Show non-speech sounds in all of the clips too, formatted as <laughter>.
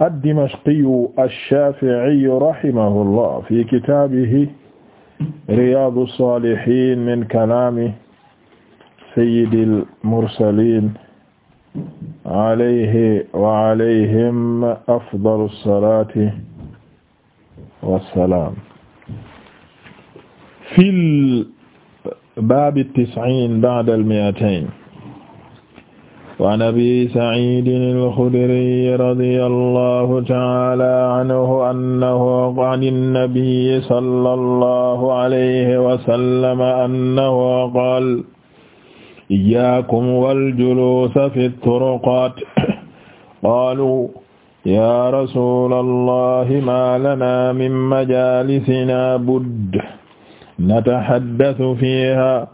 ad-Dimashqiyu ash-Shaafi'iyu rahimahullah fi kitaabihi Riyaadu s-Saalihiin min kalaami sayyidil mursaliin alayhi wa alayhim afdalu s-salaati wa s-salaam. Fil baabi t-tis'iin ba'da l-mi'atayn wa an abi saciidin alxudriy radiya allahu taala anhu annahu an annabiyi salla allahu alayhi wa sallam annahu qaala iyyaakum waljuluusa fi turuqaat qaaluu yaa rasuula allahi maa lanaa min majaalisinaa budd natahaddasu fiihaa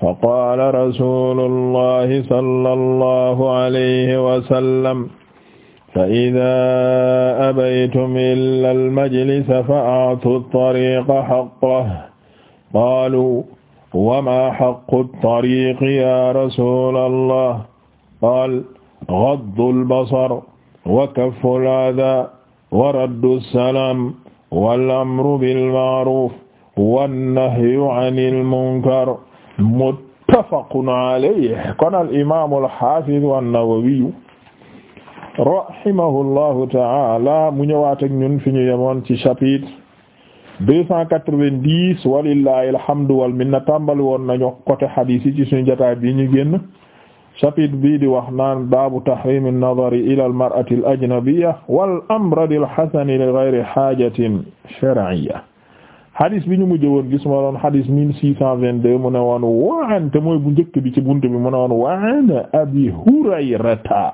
faqaala rasulullahi sallallahu alayhi wa sallam fa idaa abaytum illa almajlisa fa aatu ttariiqa haqqahu qaaluu wa maa haqqu ttariiqi yaa rasuulallah qaala gaddu lbasar wa kaffu laadaa wa raddu ssalaam wal amru bilma'ruuf wan nahyu anil munkar muttafaqun alayhi kon al imaamu al haafiz an-Nawawi rahimahullahu ta'ala mu ñëwaat ak ñun fi ñu yemoon ci chapitre deux cent quatre-vingt-dix walillahi alhamdu wal minna tàmbali woon nañu côté hadith yi ci suñu jotaay bi ñu génn chapitre bii di wax naan baabu tahrimi an-nadari ila al-mar'ati al-ajnabiyya wal amradi al-hasani li ghayri haajatin shar'iyya xadis bi ñu mujjee woon gis ma doon xadis mille six cent vingt-deux mu ne woon waan te mooy bu njëkk bi ci buntu bi mu ne woon waan abi hurayrata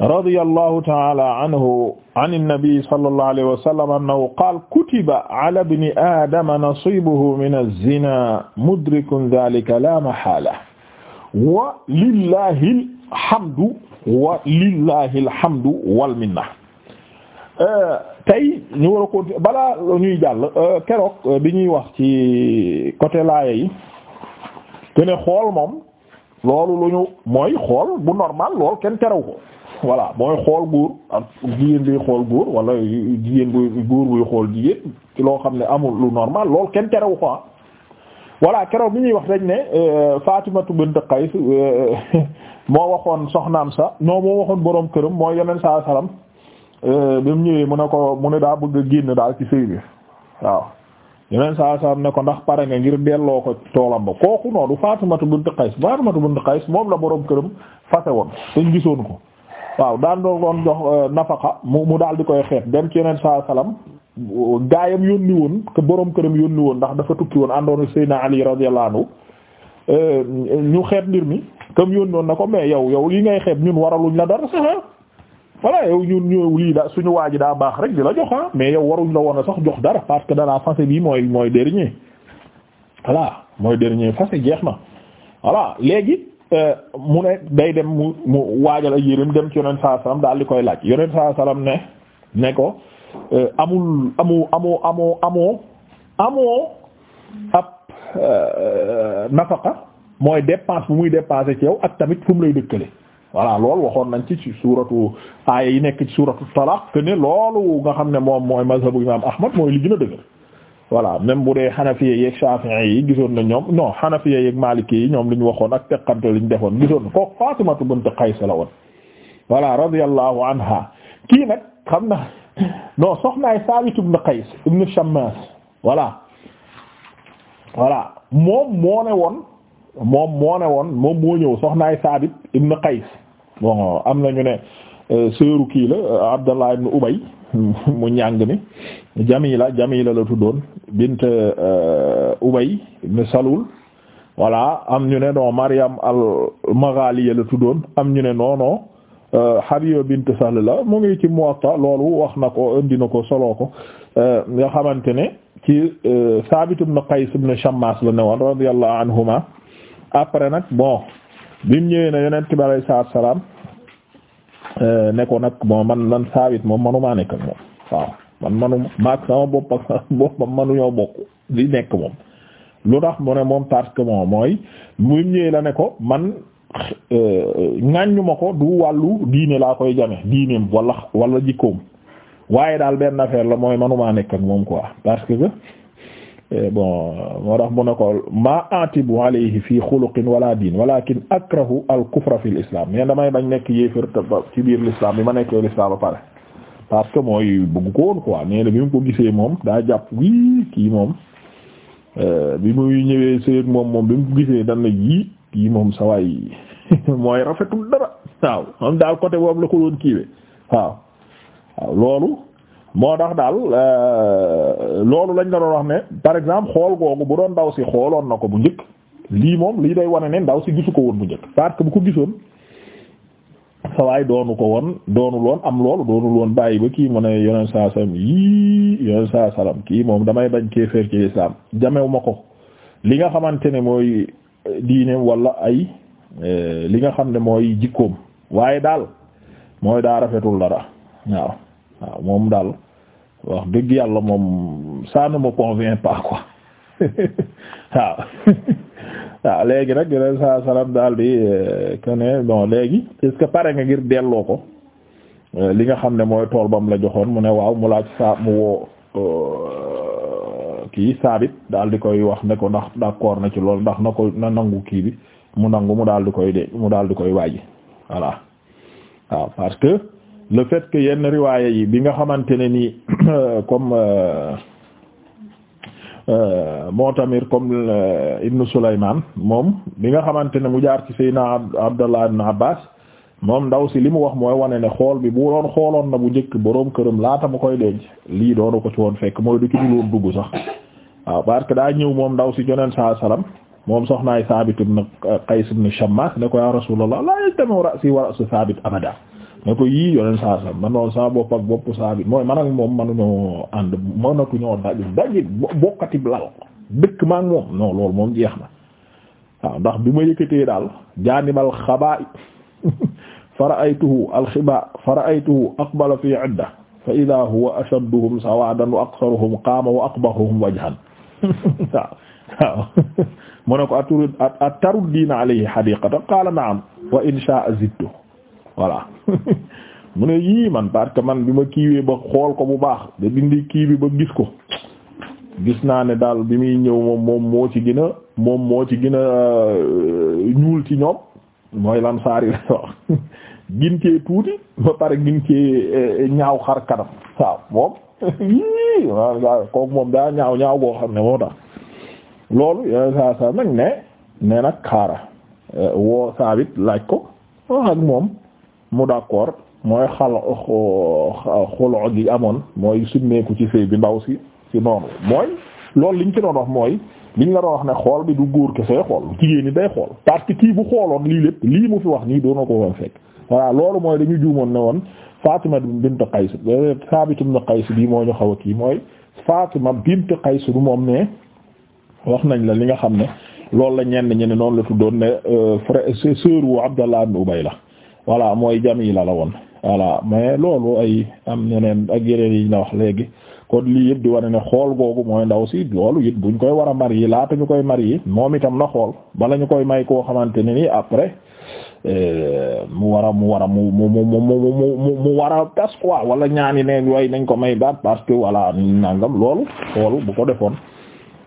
radiyallahu ta'ala anhu an an-nabi sallallahu alayhi wa sallam annahu qaala kutiba ala ibni aadama nasiibuhu min az-zinaa mudrikun dhaalika laa mahaala wa lillahi alhamdu wa lillahi alhamdu wal minna Euh, tey ñu war a continuer balaa ñuy jàll euh, keroog euh, bi ñuy wax ci côté laaya yi te ne xool moom loolu lu ñu mooy xool bu normal lool kenn teraw ko voilà mooy xool góor ak jigéen buy xool góor wala jigéen bu góor buy xool jigéen ci loo xam ne amul lu normal lool kenn teraw ko ah. voilà keroog bi ñuy wax dañ ne Fatimatu bint Qays <laughs> moo waxoon soxnaam sa noo moo waxoon boroom këram mooy yeneen saa salaam. Eh, bi mu ñëwee mu ne ko mu ne daa bëgg a génn daal ci sëy bi waaw yeneen saa saa ne ko ndax pare nga ngir delloo ko toolam ba kooku noonu Faatumatu bint Qays Faatumatu bint Qays moom la borom këram fase woon dañ gisoon ko waaw daan doon jox eh, nafaqa mu mu daal di koy xeet dem ci yeneen saa salaam gaayam yónni woon te boroom këram yónni woon ndax dafa tukki woon àndoon ak Seydina Ali radiyallahu anhu eh, ñu xeet mbir mi comme yónni woon na ko mais yow yow li ngay xeet ñun la dara voilà yow ñun ñëw lii da suñu waa ji daa baax rek di la jox ah, mais yow waruñ la woon a sax jox dara parce que danaa fase bi mooy mooy dernier voilà mooy dernier fase jeex na voilà léegi euh, mu ne day dem mu mu waajal ay yéreem dem ci yonent saa salaam daal di koy laaj yonent saa salaam ne ne ko euh, amul amu amoo amoo amoo amoo ab euh, nafaqa mooy dépense bu muy dépenser ci yow ak tamit fu lay dëkkale voilà loolu waxoon nañ ci ci suuratu aaya yi nekk ci suuratu talaq que ne loolu nga xam ne moom mooy mazhabu imam ahmad mooy li a dëgër voilà même bu dee xanafiya yeeg shafi'i yi gisoon na ñoom non xanafiya yeeg maliki yi ñoom li ñu waxoon ak teqante li ñu defoon gisoon na ko fatimatu bint qays la woon voilà radiyallahu anha kii nag xam na non soxnaay sabit ibn qays ibn shammas voilà voilà moom moo ne woon moom moo ne woon moom moo ñëw soxnaay Saabit ibn Qays am na ñu ne euh, seeru kii la Abdallah ibn Ubay <laughs> mu ñàng mi Jamila Jamila la tuddoon bint euh, Ubay ibn Salul voilà am ñu ne non Maryam al-Maghaliya la tuddoon am ñu ne non non euh, Habiba bint Sahl la mu ngi ci Muwatta loolu wax na ko indi na ko soloo ko nga xamante ne ci Saabit ibn Qays ibn Shammas la ne woon radiyallahu anhuma après nag bon bi mu ñëwee ne yonent bi sa salaatu salaam euh, ne ko nag bon man man saabit moom manumaa nekk ak moom waaw man manu maak sama bopp ak boppam manuñoo bokk di nekk moom lu tax mu ne moom parce que moom mooy mu ñëwee la ne ko man euh, ŋàññu ko du wàllu diine laa koy jame diineem wala wala jikkoom waaye daal benn affaire la mooy manumaa nekk ak moom quoi parce que Eh, bon moo tax mu ne ko ma atibu alayhi fii xuluqin wala diin walakin akrahu al kufra fi l'islam mais damay bañ nekk yéefér ci biir l'islam bi ma nekkee l'islam ba pare parce que mooy bëgg ko woon quoi nee bi mu ko gisee moom daa jàpp wii kii moom euh, bi muy ñëwee séet moom moom bi mu ko gisee dan na yii moom sawaay <laughs> mooy rafetul dara waaw moom daal côté boobu la ko doon kiiwee waaw waaw loolu moo tax daal euh, loolu lañ la doon wax ne par exemple xool googu bu doon ndaw si xooloon na ko bu njëkk lii moom lii day wane ne ndaw si gisu ko woon bu njëkk parce bu ko gisoon sa doonu ko woon doonu loon am loolu doonul woon bàyyi ba kii mu ne yoneen saa salam yii yoneen saa salam kii moom damay bañ kéeféer ci islam jamew ma ko li nga xamante ne mooy euh, diine walla ay euh, li nga xam ne mooy jikkoom waaye daal mooy daa rafetul dara waaw waaw moom daal wax dëgg yàlla moom ça ne me convient pas quoi <laughs> waaw <laughs> waaw léegi nag yeneen saa salaam daal di euh, que bon léegi est que pare nga ngir delloo ko euh, li nga xam ne mooy tool ba mu la joxoon mu ne waaw mu laaj saa mu woo euh, kii saabit daal di koy wax ne ko ndax d'accord na ci loolu ndax na ko na nangu kii bi mu nangu mu daal di koy de mu daal di koy waaj voilà waaw parce que. le fait que yenn riwaaya yi bi nga xamante ne nii <coughs> comme euh, euh, Mu'tamir comme euh, Ibn Sulaymaan moom bi nga xamante ne mu jaar ci Seydina Abdallah ibn Abbas moom ndaw si li mu wax mooy wane ne xool bi bu doon xooloon na bu njëkk boroom këram laata mu koy denc lii doonu ko ci woon fekk mooy du ci dul woon dugg sax waaw parce que daa ñëw moom ndaw si joneen saa salaam moom soxnaay Saabit ibn Qays ibn Shammas ne ko yaa Rasuulallah laa yajtami'u ra'si wa ra'su Saabit abada ne ko yii yoneen saa bi mooy man ak moom manuñoo ànd mënatuñoo bokkati lal dëkk ma moom non loolu moom jeex na ndax bi ma yëkkatee daal jaanibal xabaa <laughs> fara'aytuhu alxibaa fara'aytuhu aqbala fi idda fa idaa huwa ashadduhum sawaadan wa aqsaruhum qaama wa aqbahuhum wajhan <laughs> waaw waaw <laughs> ne ko aturud na'am wa in shaa'a voilà <laughs> mu ne yii man parce que man bi ma kiiwee ba xool ko bu baax da dindi kii bi ba gis ko gis naa ne daal bi muy ñëw moom moom moo ci gën a moom moo ci gën a euh, ñuul ci ñoom mooy lan saari la wax <laughs> ba pare gin cee euh, ñaaw xar kanam waaw moom <laughs> yii waaw moom daa ñaaw ñaaw boo xam ne moo tax loolu yooyu saa saa nag ne ne nag xaara euh, woo saabit laaj ko wax ak moom mu d'accord mooy xal xolo gi amoon mooy summeeku ci sëy bi ndaw si si noonu mooy loolu liñ ci doon wax mooy liñ la doon wax ne xool bi du góor kesee xool jigéen ñi day xool parce que kii bu xooloon lii lépp lii mu fi wax nii doona ko woon fekk voilà loolu mooy dañu juumoon ne woon Fatima bint Qays Sabit euh, ibn Qays bii moo ñu xaw a kii mooy Fatima bint Qays du moom ne wax nañ la li nga xam ne loolu la ñenn ñi ne noonu la tuddoon ne euh, frère sœur wu Abdallah ibn Ubay la voilà mooy jamila la woon voilà mais loolu ay am ñeneen ak yeneen yi ñu wax léegi kon lii yëpp di wane ne xool googu mooy ndaw si loolu it buñ koy war a marier laata ñu koy marier moom itam na xool bala ñu koy may koo xamante ne nii après euh, mu war a mu war a mu mu mu mu mu mu war a tas quoi wala ñaani ne yooyu nañ ko may baat parce que voilà nangam loolu xool bu ko defoon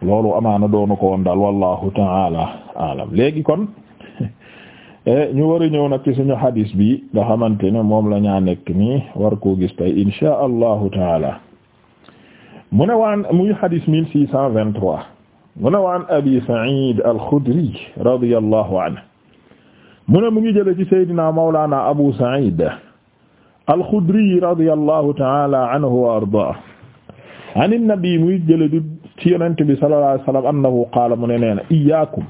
loolu amaana doonu ko woon daal wallahu taala alam léegi Eh, ñu war a ñëw nag ci suñu hadis bi nga xamante ne moom la ñaa nekk nii war koo gis tey insha allahu taala mu ne waan muy hadis mille six cent vingt-trois mu ne waan abi Sa'id al-Khudri radiyallahu anhu mu ne mu ngi jële ci saydina mawlana abu Sa'id al-Khudri radiyallahu taala anhu wa ardaa an nabi muy jële du ci yonent bi sallallahu alayhi wa sallam annahu qaala mu ne nee na iyyakum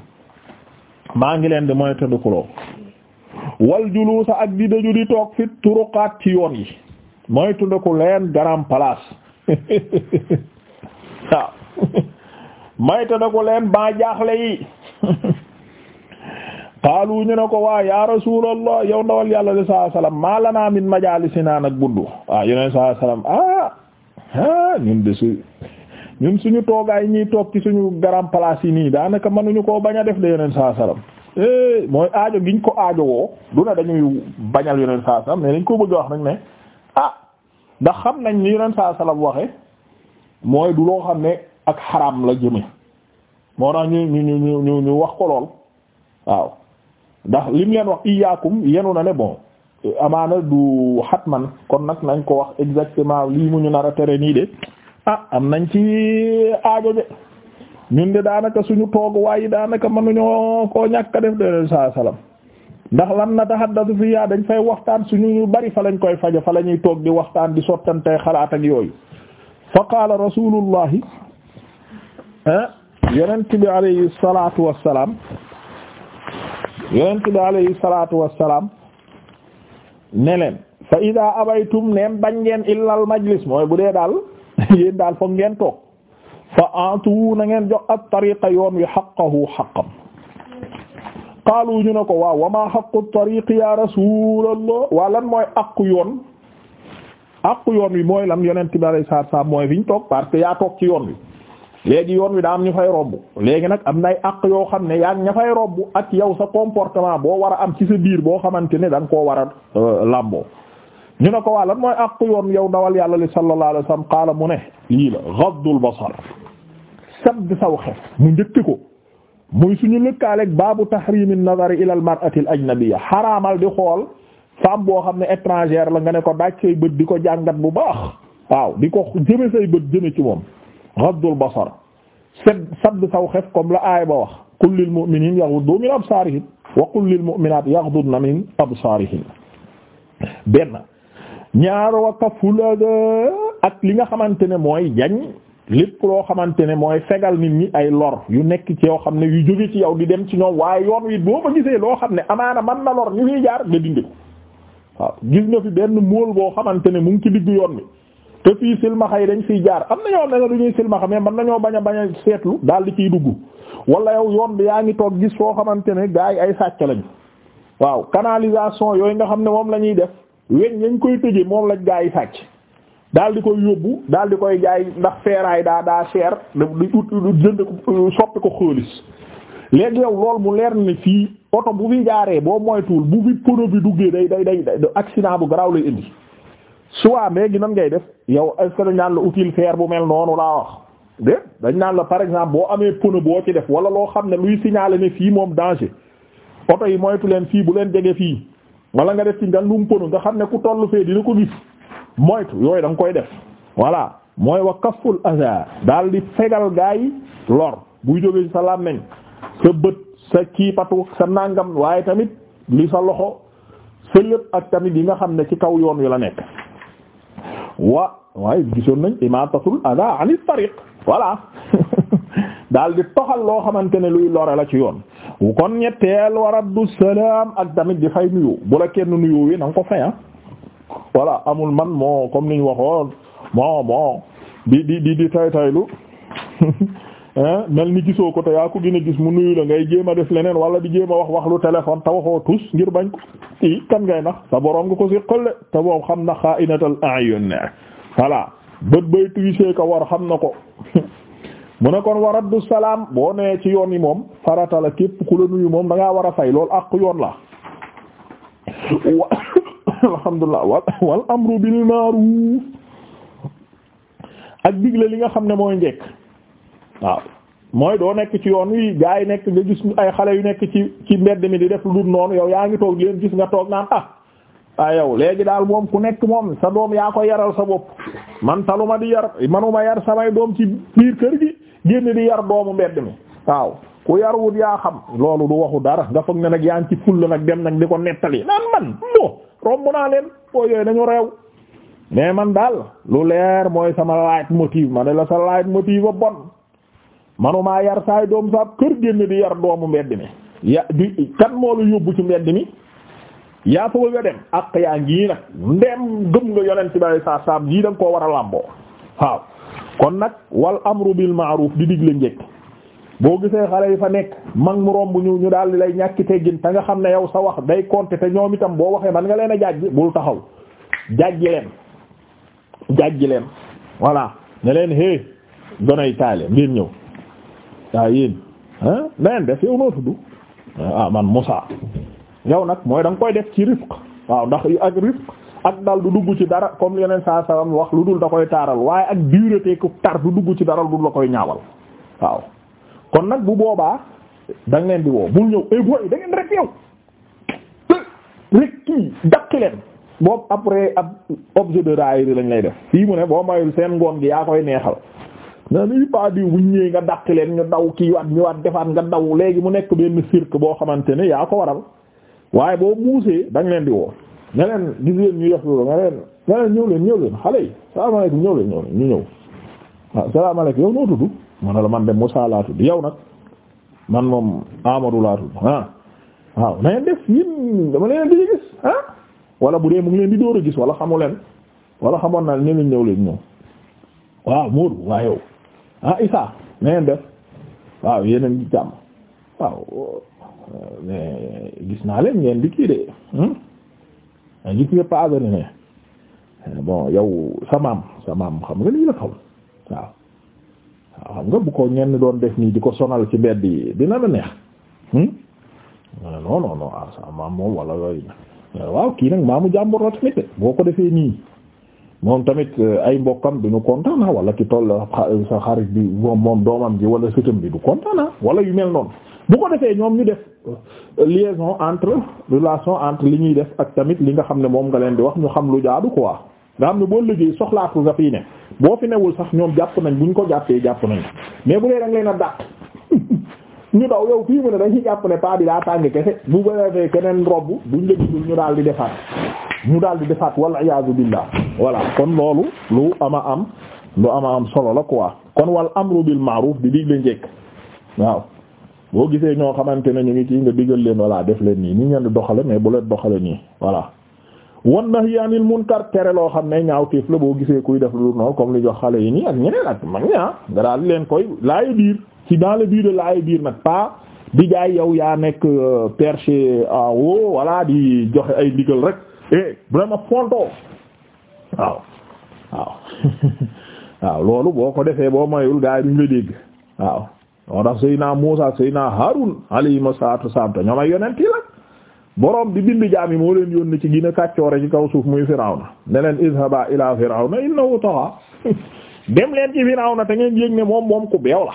maa ngi leen di mooy tëddukuloo wal juluusa ak di daju di toog fi turuqaat ci yoon yi mooy tëdduku leen grand place waaw mooy tëdduku leen baa jaaxle yi <laughs> qaalu ñu ne ko waa ya rasuulallah yow ndawal yàlla de saa salaam maa lanaa min majaalisinaa nag buddu waaw yeneen saa salaam ah ah ñun de su ñun suñu toogaay ñuy toog ci suñu grand place yi nii daanaka mënuñu koo bañ a def de yeneen saa salaam eh, mooy aajo giñ ko aajo woo du na dañuy bañal yeneen saa salaam mais dañ ko bëgg a wax nag ne ah xam nañ ni yeneen saa salaam mooy loo xam ne ak xaram la jëme moo tax ñu ñu ñu ñu ñu wax ko lool waaw ndax lim leen wax iyaakum yenu na ne bon amaana du man kon nag nañ ko wax exactement lii mu ñu nar a tere nii de. ah am nañ ci aajo de ñun de daanaka suñu toog waaye daanaka mënuñoo koo ñàkk a def de saa salaam ndax lan na taxaddatu fi yaa dañ fay waxtaan suñu ñu bari fa lañ koy faja fa la toog di waxtaan di sottantee xalaat ak yooyu fa qaala rasuulullahi ah, yonent bi alayhi salaatu wassalaam yonent bi alayhi salaatu wassalaam ne fa idaa abaytum neem bañ ngeen illal majlis mooy bu dee daal <laughs> yéen daal foog ngeen toog fa antu na ngeen jox at-tariqa yoon wi haqqahu haqqam qaalu ñu ne ko waaw wa ma haqqu at-tariq ya rasulallah waa lan mooy aqu yoon aqu yoon wi mooy lan yonent bi alayhi salaatu mooy fi ñu toog parce que yaa toog ci yoon wi léegi yoon wi daa am ñu fay rob léegi nag am nay àq yoo xam ne yaa ña fay romb ak yow sa comportement boo war a am ci sa biir boo xamante ne da nga koo war a euh, làmboo ñu ne ko waa lan mooy àqu yoon yow dawal yàlla li sallallahu alayhi wasallam qaala mu ne lii la ghaddul basar sadd saw xef mu njëkki ko muy suñu lëkkaaleeg baabu tahrimi an-nazari ila al-mar'ati al-ajnabiyya xaraamal di xool femme boo xam ne étrangère la nga ne ko daaj say bët di ko jàngat bu baax waaw di ko jëme say bët jëme ci moom ghaddul basar sadd sadd saw xef comme la aay ba wax qul lil mu'minina yaghuddu min absarihim wa qul lil mu'minati yaghdudna min absarihin benn ñaar wa kafulada ak li nga xamante ne mooy jañ lépp loo xamante ne mooy fegal nit ñi ay lor yu nekk ci yoo xam ne yu jóge ci yow di dem ci ñoom waaye yoon wi boo gisee loo xam ne amaana man na lor ñu fiy jaar nga dindi waaw gis nga fi benn móol boo xamante ne mu ngi ci diggu yoon bi te fii silmaxa yi dañ fiy jaar am na ñoo ne la du ñuy silmaxa mais mën nañoo bañ a bañ seetlu daal di ciy dugg wala yow yoon bi yaa ngi toog gis soo xamante ne gaa ay sàcc waaw canalisation yooyu nga xam ne moom la ñuy def weñ yañ koy tëje moom lañ gaa yi sàcc daal di koy yóbbu daal di koy jaay ndax feeraay daa daa seer di ut jënd ko euh, soppi ko xaalis léegi yow lool mu leer ne fii oto bu fi jaaree boo moytuwul bu fi pono bi duggee day day day accident bu garaaw lay indi soit léegi nan ngay def yow est-ce que dañ naan la utile fer bu mel noonu laa wax de dañ naan la par exemple boo amee pono boo ci def wala loo xam ne luy signaler ne fii moom danger oto yi moytu leen fii bu leen jege fii wala nga def ci nga lum pono nga xam ne ku tollu fee dina ko gis moytu yooyu da koy def voilà mooy wa kaful aza daal di fegal gaa yi lor buy jógee sa làmmeñ sa bët sa kiipatu sa nàngam waaye tamit li sa loxo sa ak tamit yi nga xam ne ci kaw yoon wi la nekk wa waaye gisoon nañ imatatul aza anit tariq voilà <laughs> daal di toxal loo xamante ne luy lore la ci yoon kon ñetteel wa raddu salaam ak tamit di fay nuyu bu la kenn nuyu wi na ko fay ah voilà amul man moo comme ni ñu waxoon moo moo di di di di tay taylu <laughs> mel ni gisoo ko te yaa ko gën a gis mu nuyu la ngay jéem a def leneen wala di jéem a wax wax lu téléphone te waxoo tus ngir bañ ko i kan ngay nax sa boroom nga ko si xolle te boo xam na xaa'inatal a'yun voilà bët bay tuisee ka war xam na ko <laughs> mu ne kon wa salaam boo nee ci yoon yi moom farata la képp ku la nuyu moom da ngaa war a fay loolu àq yoon la wa <coughs> alhamdulillah wal amru bil ma'ruf ak digle li nga xam ne mooy njekk waaw mooy doo nekk ci yoon wi gaa yi nekk nga gis ay xale yu nekk ci ci mbedd mi di def lu dul noonu yow yaa ngi toog leen gis nga toog naan ah ah yow léegi daal moom ku nekk moom sa doom yaa ko yaral sa bopp man taluma di yar manuma yar samay doom ci biir kër gi génn di yar doomu mbedd mi waaw ku yarwut yaa xam loolu du waxu dara nga foog ne nag yaa ngi ci fulla nag dem nag di ko nettali naan man mo romb naa leen boo yooyu dañu reew mais man daal lu leer mooy sama leitmotiv ma ne la sa leitmotiv a bon manumaa yar saay doom sa kër génn di yar doomu mbedd mi ya di kan moo la yóbbu ci mbedd mi yaa fa bëgg dem ak yaa ngi nag ndem gëm nga yonent bi sallallahu alayhi yii da nga koo war a làmboo waaw kon nag wal amru bil ma'ruf di digle njekk boo gisee xale yi fa nekk mag mu romb ñu ñu daal di lay ñàkki teggin te nga xam ne yow sa wax day compter te ñoom itam boo waxee man nga leen a jàjj bul taxaw jàjji leen jàjji leen voilà ne leen hé gonay taale ngir ñëw waa yéen ah na def yow noo tudd ah, man Moussa yow nag mooy da nga koy def ci rifq waaw ndax ak rifq ak dal du dugg ci dara comme yeneen saa mu wax lu dul da koy taaral waaye ak dureté ku tar du duggu ci dara lu dul da koy ñaawal waaw kon nag bu boobaa da leen di woo bul ñëw ay eh leen boobu après ab objet de lañ lay def fii mu ne boo mayul seen ngoon gi yaa koy neexal na ni ba diw bu ñëwee nga daqi leen ñu daw kii waat ñëwaat defaat nga daw léegi mu nekk benn cirque boo xamante ne yaa ko waral waaye boo muusee da leen di woo ne gis leen ñu def loolu nga leen ne leen ñëw leen xale yi salaamaaleykum ñëw ñëw leen ñu ñëw waaw ah, salaamaaleykum yow noo tudd ma ne la man de Moussa laa tudd yow nag man moom Amadou laa tudd ah waaw na ngeen dama leen di gis ah wala bu dee mu ngi leen di door a gis wala xamu leen wala xamoon naa ne leen ñëw leen ñëw waaw Modou waaw yow ah Issa na ngeen def waaw yéen a ngi jàmm gis naa leen ngeen di kii de. Hmm? nit ñi pas ne bon yow sa maam sa maam xam nga lii la xaw waaw waaw xam nga bu ko ñenn doon def nii di ko sonal ci mbedd yi dina la neex hmm? non non non ah, sa maam moom wala yooyu waaw kii nag maamu jàmbur la tamit boo ko defee nii moom tamit eh, ay mbokkam duñu kontaan ah, wala ki toll eh, eh, sa xarit bi moom doomam ji wala sëtam bi du kontaan ah, wala yu mel noonu. bu ko defee ñoom ñu def euh, liaison entre relation entre li ñuy def ak tamit li nga xam ne moom nga leen di wax ñu xam lu jaadu quoi nga xam ne boo liggéey soxlaatu nga fii ne boo fi newul sax ñoom jàpp nañ ñu ko jàppee jàpp nañ mais bu dee da nga leen a dàq <laughs> ñu daw yow fii mu ne dañuy jàpp ne paa bi daa tàng kese bu ko defee keneen bu buñ la gisul ñu daal di defaat ñu daal di defaat wal iyaazu billah voilà kon loolu lu a am lu ama am solo la quoi kon wal amru bil ma'ruf di digle njekk waaw. boo gisee ñoo xamante ne ñu ngi ci nga digal leen voilà def leen nii ni ngeen di doxale mais bu leen doxale nii voilà wan nahyi anil munkar tere loo xam ne ñaaw téef la boo gisee kuy def lu noonu comme li jox xale yi nii ak ñeneen ak mag ñaa ah, nga daal leen koy laayi biir ci dans la biir laay laayi biir nag pas di jaay yow yaa nekk euh, perché en haut di joxe ay ndigal rek eh vraiment fonto waaw <laughs> waaw loolu boo ko defee boo mayul gaa yi duñ la dégg waaw moo tax Seydina Muusa Seydina Haarun alayhima salaatu wasalaam te ñoom ay yonent yi la boroom bi bind jaam yi moo leen yónni ci gina kàccoore ci kaw suuf muy Firawna ne leen izhaba ila Firawna innahu taxa <laughs> dem leen ci Firawna te ngeen yëg ne moom moom ku beew la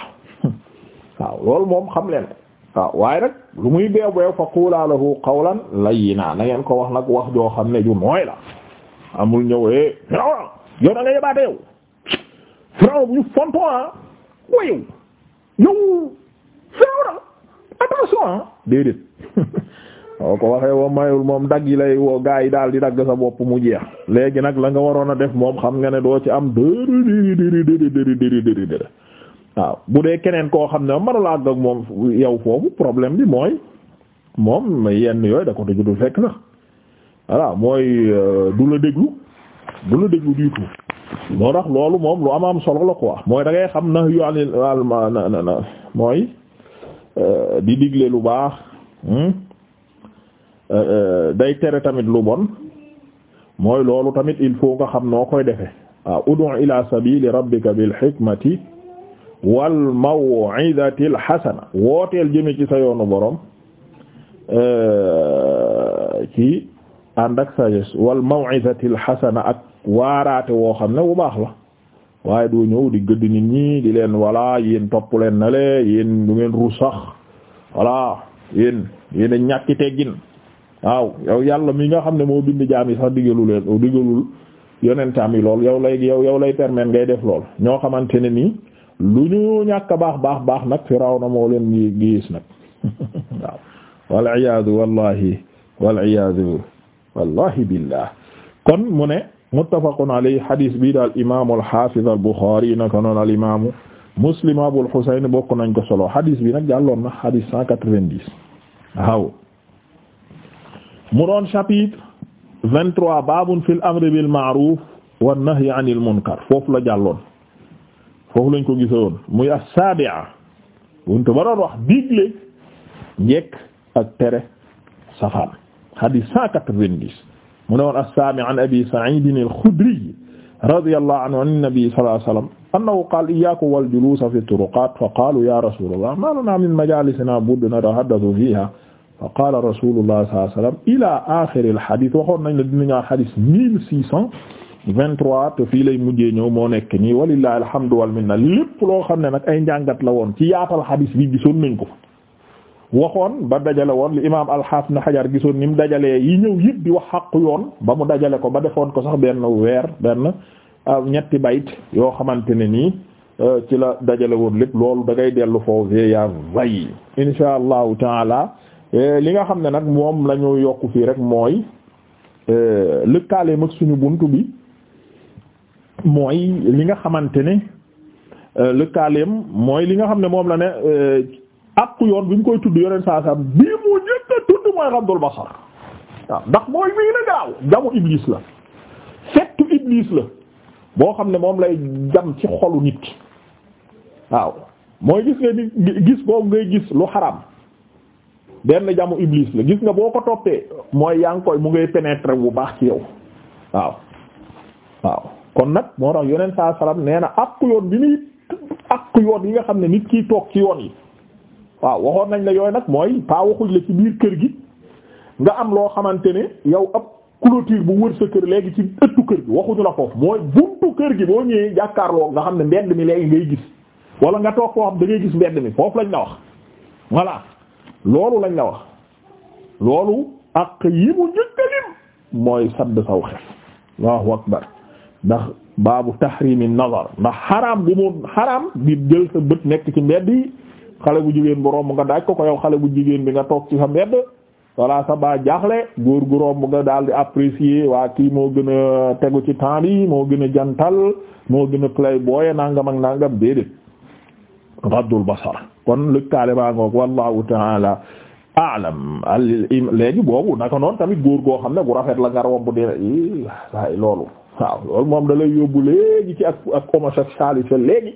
<laughs> waaw loolu moom xam leen waaw waaye nag lu muy beew beew fa la lahu qawlan layyina na ngeen ko wax nag wax joo xam ne ju nooy la amul ñëwee eh, Firawna yow da nga yëbaate yow Firawna bu ñu fonto ah yow feewra attention ah déedéet woo <laughs> ko waxee woo mayul moom dagg yi lay woo gaa yi daal di dagg sa bopp mu jeex léegi nag la nga waroon a def moom xam nga ne doo ci am dëri dëri dëri dëri dëri dëri dëri waaw bu dee keneen koo xam ne manula àgg ak moom foofu problème bi mooy moom yenn yooyu da ko na voilà mooy euh, du déglu du la déglu moo tax loolu moom lu am solo la quoi mooy da xam na yu anil mooy euh, di digle lu baax hmm? euh, euh, day tere tamit lu bon mooy loolu tamit il faut nga xam noo koy defe waaw ud'u ila sabili rabbika bil hikmati wal maw'izati al hasana wooteel jëme ci sa yoonu borom ci ànd wal maw'izati al hasana ak waaraate woo xam ne wu baax la waaye doo ñëw di gëdd nit ñi di leen walla yéen topp leen na le yéen du ngeen ruus sax walla yéen yéen a ñàkki teggin waaw yow yàlla mi nga xam ne moo bind jaam yi sax diggalu leen diggalul yonentaam yi lool yow lay yow yow lay permettre ngay def lool ñoo xamante ne nii lu ñu ñàkk baax baax baax nag na moo leen gi gis nag <laughs> waaw wal iyaadu wallahi wal iyaadu wallahi billah kon mu ne muttafaqun alayhi hadis bii daal imaamu al-Haafiz al-Buxaari naka noonu al imaamu Muslim Abul Husayn bokk nañ ko solo hadis bi nag jàlloon na hadis cent quatre-vingt-dix waaw mu doon chapitre vingt-trois baabun fil amri bil ma'ruuf wan nahyi anil munkar foofu la jàlloon foofu lañ ko gisoon muy as-saabi'a wuntu ba doon wax digle njekk ak tere safaan hadis cent quatre-vingt-dix mu ne woon as-Saami an Abi Sa'iid al-Xudri radiyallahu anhu an nabi sallallahu alayhi wa sallam annahu qaala iyyaakum wal juluusa fi turuqaat fa qaaluu yaa rasuulallah maa lanaa min majaalisinaa budda natahaddathu fiihaa fa qaala rasuulullahi sallallahu alayhi wa sallam ilaa aaxiril hadiis waxoon nañ la dinañu hadiis 1623 te fii lay mujjee ñëw moo nekk nii walillaahi alhamdu wal minna lépp loo xam ne nag ay njàngat la woon ci yaatal hadiis bi gisoon nañ ko. waxoon ba dajale woon li imaam alxaas na xajar gisoon ni mu dajalee yi ñëw yëpp di wax xaqu yoon ba mu dajale ko ba defoon ko sax benn weer benn euh, ñetti bayit yoo xamante ne nii euh, ci la dajale woon lépp loolu da ngay dellu foofu ya vay insha allahu taala euh, li nga xam ne nag moom la yokk fii rek mooy lëkkaaleem ak suñu bunt bi mooy li nga xamante ne lëkkaaleem mooy li nga xam ne moom la ne ak yoon bi mu koy tudd yoneen saa saam bii mu njëkk a tudd mooy la gaaw jamu la fettu xam ne moom lay jam ci xolu nit waaw mooy gis nga ni gis boobu ngay gis lu xaram benn jamu iblis la gis nga boo ko toppee mooy yaa ngi koy mu ngay pénétrer bu baax ci yow waaw waaw kon nag moo tax yoneen saa saam nee na ak yoon bi muy ak yoon yi nga xam ne nit kiy toog ci yoon yi waaw waxoon nañ la yooyu nag mooy pas waxuñ la ci biir kër gi nga am loo xamante ne yow ab clôture bu wër sa kër léegi ci ëttu kër gi waxuñu la foofu mooy buntu kër gi boo ñëwee jàkkaarloo nga xam ne mbedd mi léegi ngay gis wala nga toog foo xam da ngay gis mbedd mi foofu lañ la wax voilà loolu lañ la wax loolu ak yi mu njëkkalim mooy sadd saw xef Allahu akbar ndax baabu tahrimi nazar ndax xaraam bu mu xaraam di jël sa bët nekk ci mbedd xale bu jigéen bu nga daaj ko yow xale bu jigéen bi nga toog ci sa mbedd voilà sa jaaxle góor gu romb nga daal di apprécier waa kii moo gën a tegu ci temps bi moo gën a jantal moo gën a playboy nangam ak nangam déedéet raddul basar kon lëkkaale baa ngoog léegi boobu naka noonu tamit góor goo xam ne bu rafet la nga romb dina i waay waaw loolu moom da lay yóbbu léegi ci ak ak homosexualité léegi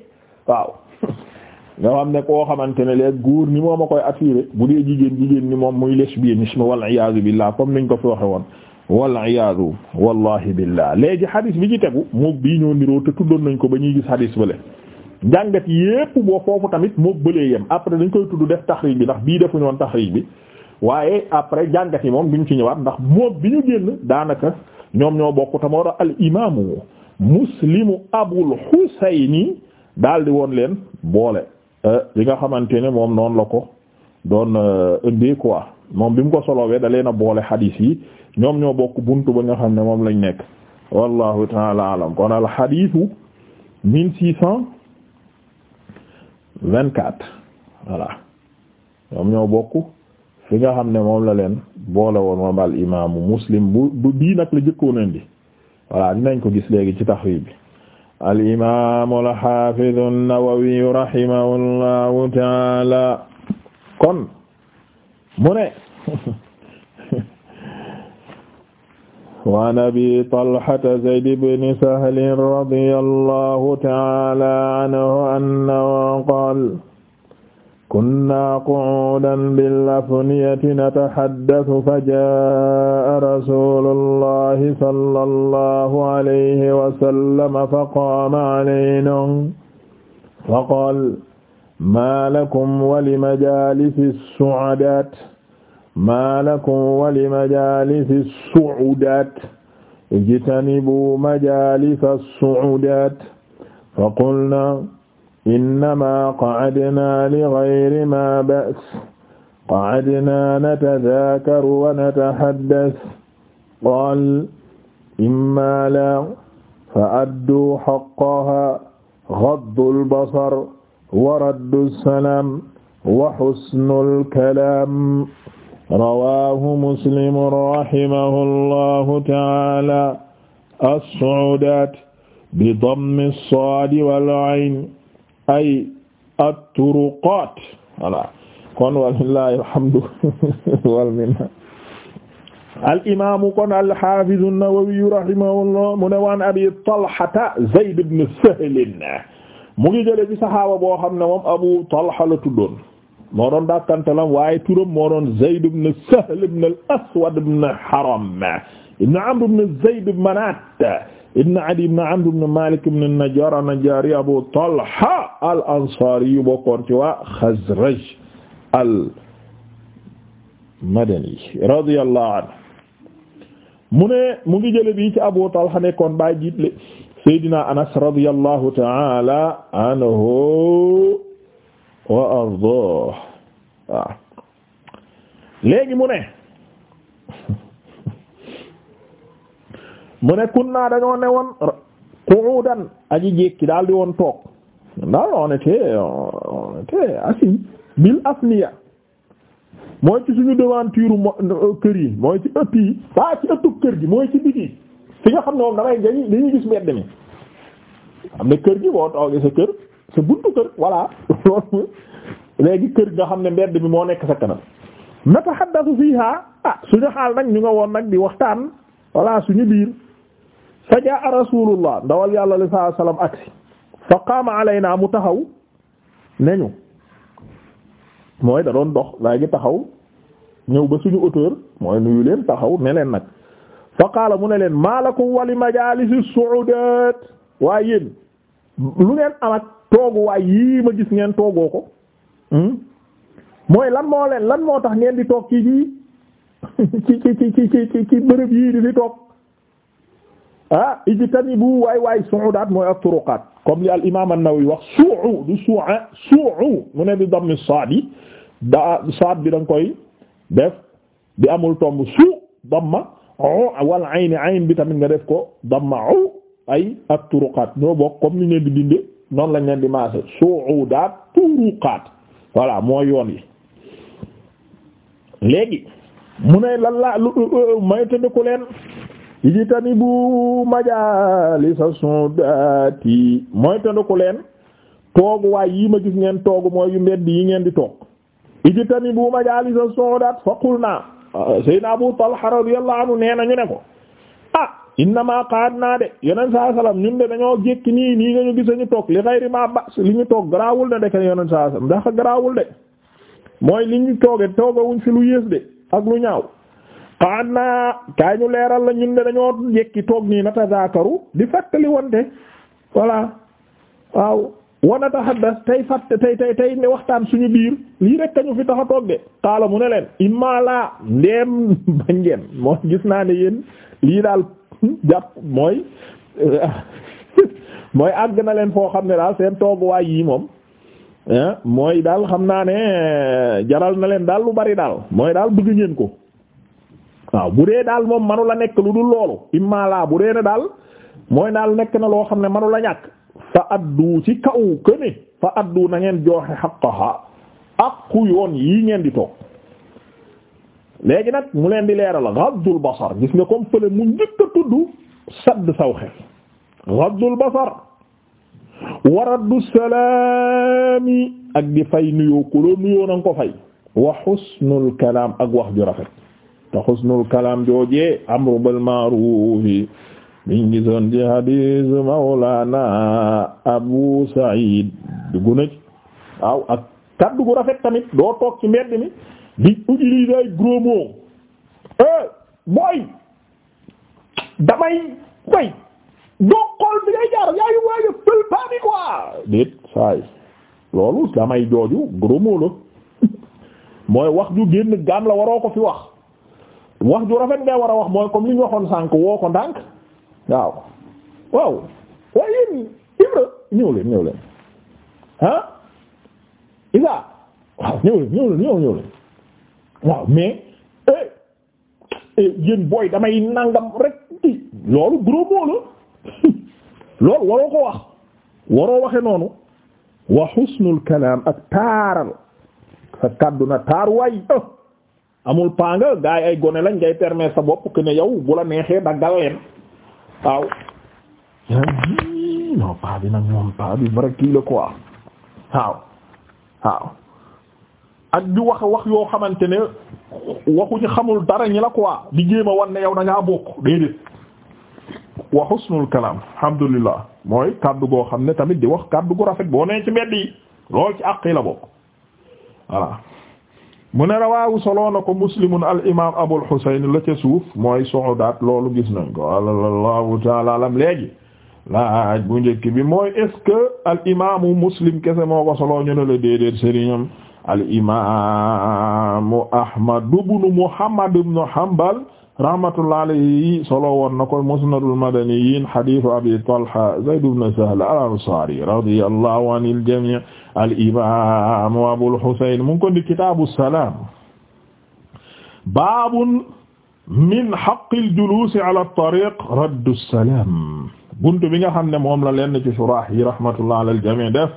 waaw <laughs> nga xam ne koo xamante ne léegi góor ni moom a koy attiré bu dee jigéen jigéen ni moom muy lesbianisme wal iyaazu billah comme niñ ko fi waxe woon wal iyaazu wallahi billah léegi hadis bi ci tegu moom bii ñoo niroo te tuddoon nañ ko ba ñuy gis hadis bële njàngat yépp boo foofu tamit moom bëlee yem après dañ koy tudd def taxriij bi ndax bii defuñu woon taxriij bi waaye après jàngat yi moom duñ ci ñëwaat ndax moom bi ñu génn daanaka ñoom ñoo bokk ta moo tax al imaamu muslimu abul xusayni daal di woon leen boole Euh, li nga xamante ne moom noonu la ko doon indi euh, quoi moom bi mu ko solowee da leen a boole xadiis yi ñoom ñoo bokk bunt ba nga xam ne moom lañ nekk wallahu taala alam kon al xadiisu mille six cent vingt-quatre voilà ñoom ñoo bokk fi nga xam ne moom la leen boole woon moom al imaamu muslim bu bii nag la jëkkoon indi voilà dinañ ko gis léegi ci taxriib bi al-imaam al-haafiz an-Nawawi rahimahullahu taala kon mu ne <laughs> wa an Abi Talhata Zayd ibn Sahl radiyallahu taala anhu annahu qaala kunna qu'udan bil afniyati natahaddathu fajaa'a rasuulullahi sallallahu alayhi wa sallam faqaama alayna faqaala maa lakum wa li majaalisi su'adaat maa lakum wa li majaalisi su'udaat ijtanibuu majaalisa su'udaat faqulnaa innama qa'adna li ghayri ma ba's qa'adna natadhakaru wa natahaddath qaal imma la fa'addu haqqaha ghaddul basar wa raddu salaam wa husnul kalaam rawaahu muslim rahimahullahu ta'aala as-su'udaat bi dammi as-saad wal ayn ay at-turuqaat voilà kon walillahi alhamdu <laughs> wal minna al imaamu kon al-haafizu an-Nawawi rahimahullah mu ne waan abi Talhata Zayd ibn Sahl mu ngi jëlee ci saxaaba boo xam ne moom Abu Talha la tuddoon moo doon dakkantalam waaye turam moo doon Zayd ibn Sahl ibn al-Aswad ibn Haram ibn Amr ibn Zayd Manaat ibn Adi ibn Amr ibn Malik ibn an-Najjar an-Najjari Abu Talha al-Ansari yu bokkoon ci waa Xazraj al-Madani radiyallahu anhu mu ne mu ngi jële bi ci Abu Talha nekkoon ba jiitle Seydina Anas radiyallahu ta'ala anhu wa ardaah léegi mu ne mu ne naa dañoo ne woon qu'udan aji jékki daal di woon toog daal on était on était assis bil afniya mooy ci suñu devanture euh, kër yi mooy ci ëpp yi waa ci ëttu kër gi mooy ci biti fi nga xam ne moom damay dañuy dañuy gis mbedd mi am na kër gi boo toogee sa kër sa buntu kër voilà <laughs> léegi kër nga xam ne mbedd bi moo nekk sa kanam natahaddathu fiha ah suñu xaal nag ñu nga woon nag di waxtaan voilà suñu biir fa jaa rasulullah ndawal yàlla li saa salaam aksi fa qaama alaynaa mu taxaw ne ñu mooy da doon dox daa ngi taxaw ñëw ba suñu auteur mooy nuyu leen taxaw ne nag fa mu ne leen maalakum wali majaalisi suudaat waaye yéen lu ngeen am ak toogu waaye yii ma gis ngeen toogoo ko hmm? mooy lan moo leen lan moo tax ngeen di toog ci <laughs> ci ci ci ci ci bërëb yii di di toog ah ijtanibu waay waay su'udat mooy at-turuqat comme li al imam wax su'u du su'a ah su'u mu ne di damm saad da saad bi da koy def bi amul tomb su damma o wal ayni ayn bi tamit nga def ko damma o ay at-turuqat ñoo bokk comme lañ leen di maase su'udat turuqat voilà mooy yoon yi léegi mu ne lan may tëdd leen bu ijtanibu majalisa sudati mooy tanduku leen toogu waay yi ma gis ngeen toogu mooy yu mbedd yi ngeen di toog ijtanibu majalisa sudat naa ah, sayyidina Abu Talha radiyallahu anhu nee na ñu ne ko ah innama naa de yonent saa sallam ñun de dañoo jékki nii nii nga ñu gis ñu toog li ghayri ma ba's li ñu toog garaawul de dek yonent saa sallam ndax garaawul de mooy li ñu tooge toogawuñ fi lu yées de ak lu ñaaw xanaa kaay ñu leeral la ñun de dañoo yekki toog nii natazakaru di fàttali wante voilà waaw wana tahaddas tey fatt tey tey tey ne waxtaan suñu biir lii rek kañu fi taxa toog de xaala mu ne leen imma laa ndeem <laughs> bañ ngeen mooy gis naa ne yéen lii daal <laughs> jàpp mooy <laughs> mooy àgg na leen foo xam ne daal seen tooguwaay yi moom mooy daal xam naa ne jaral na leen daal lu bari daal mooy daal bëgg ngeen ko waaw bu dee daal moom manu la nekk lu dul loolu imma laa bu dee ne daal mooy daal nekk na loo xam ne manu la ñàkk fa addu ci kaw këne fa addu na ngeen joxe xaqaha aqu yoon yii ngeen di toog léegi nag mu leen di leeral gaddul basar gis nga comme fële mu njëkk a tudd sadd saw xel gaddul basar waraddu salaami ak di fay nuyoo ku loo nuyoo na ko fay wa xusnul kalaam ak wax ju rafet te xusnul kalam jooje amru bil ma'rufi biñ gisoon ci hadis mawlana abu sa'id gunaj waaw ak kaddu rafet tamit doo toog ci mbedd mi di utiliser ay gros mots eh damay way doo xool bi ngay jaar yaayu waaye pël baa bi quoi déet saay loolu damay jooju gros la <laughs> mooy wax ju génn gaam la waroo ko fi wax wax ju rafet bee war a wax mooy comme li ñu waxoon sànk woo ko ndànk waaw waaw waaye yéen Ibra ñëw leen ñëw leen ah Isa waaw leen ñëw leen ñëw leen waaw mais eh, eh, yéen booy damay nangam rek loolu gros mot <laughs> loolu waroo wax waroo waxe noonu wa husnul kalaam ak taaral sa na taar waay amul paa nga gars yi ay gone lañ ngay permettre sa bopp que ne yow bu la neexee daggal leen waaw. non paa bi nag moom paa bi bara kii la quoi waaw waaw ak di wax wax yoo xamante ne waxuñu xamul dara ñi la ko di jéem a wan ne yow da ngaa bokk déedéet. wa husnul kalam alhamdulillah mooy kàddu goo xam ne tamit di wax kaddu gu rafet boo nee ci mbedd yi lool ci àq yi la bokk voilà. mu ne rawaahu soloo na ko muslimun al imam abul husayn la ca suuf mooy suudaat loolu gis nañ ko allahu taala alam léegi laaj bu njëkk bi mooy est-ce que al imamu muslim kese moo ko soloo ñu ne la déedéet sëriñam al imamu ahmad ibnu muhammad ibnu hanbal rahmatullah alayhi solo woon na ko musnadul madaniyin hadith abi talha zayd ibn sahl al-ansari radiyallahu anil jami' al-imam abul husayn mu ngi ko di kitabu salam babun min haqqil julusi ala at-tariq raddu salam buntu bi nga xam ne moom la leen ci surah yi rahmatullah alal jami' def